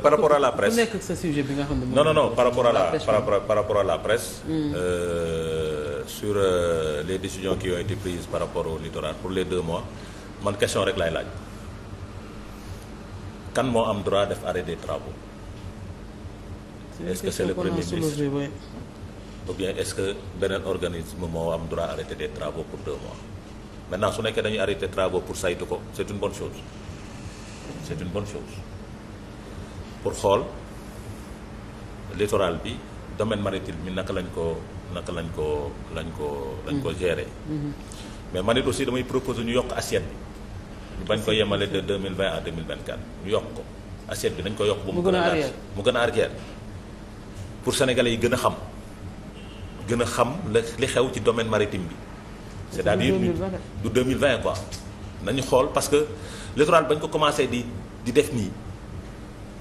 par rapport à la presse ku nekk nga xam ne non non non par rapport à la par rapport par rapport à sur eh, les décisions qui ont été prises par rapport au littoral pour les deux mois man question rek laay laaj kan moo am droit def arrêt des travaux. est-ce que c'est le premier ministre ou bien est-ce que beneen organise moo am droit arrêter des travaux pour deux mois maintenant su nekkee dañuy arrêter travaux pour saytu ko c'est une bonne chose c'est une bonne chose. pour xool littoral bi domaine maritime bi naka lañ ko naka lañ ko lañ ko lañ ko gérer. Mm-hmm. mais man it aussi damay proposer ñu yokk assiette bi. ñu bañ ko yemale de deux mille vingt à deux mille vingt ñu yokk ko assiette bi nañ ko yokk. ba mu gën a arrière mu gën a pour sénégalais yi gën a xam gën a xam li xew ci domaine maritime bi. c'est-à-dire du 2020 quoi nañu xool parce que littoral bañ ko commencé di di def nii.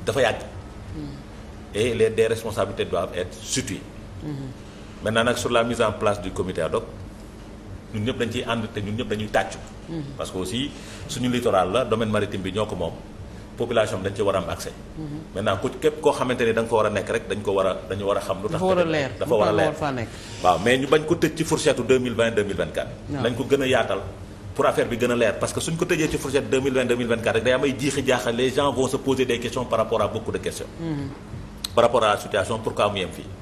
dafa yàgg. et les des responsabilités doivent être situées. maintenant nag sur la mise en place du comité ad hoc ñun ñëpp dañ ciy ànd te ñun ñëpp dañuy tàccu. parce que aussi suñu littoral la domaine maritime bi ñoo ko moom population bi dañ ci war a am accès. maintenant ku képp koo xamante ni da ko war a nekk rek dañ ko war a dañu a xam. lu tax dafa war a leer dafa war a leer waaw mais ñu bañ ko tëj ci fourchette 2020 2024. waaw nañ ko gën a yaatal. pour affaire bi gën a leer parce que suñ ko tëjee ci fourchette 2020 2024 rek day am ay jiixi jaaxal les gens vont poser des questions par rapport à beaucoup de questions. Mm-hmm. par rapport à la situation pourquoi mu yem fii.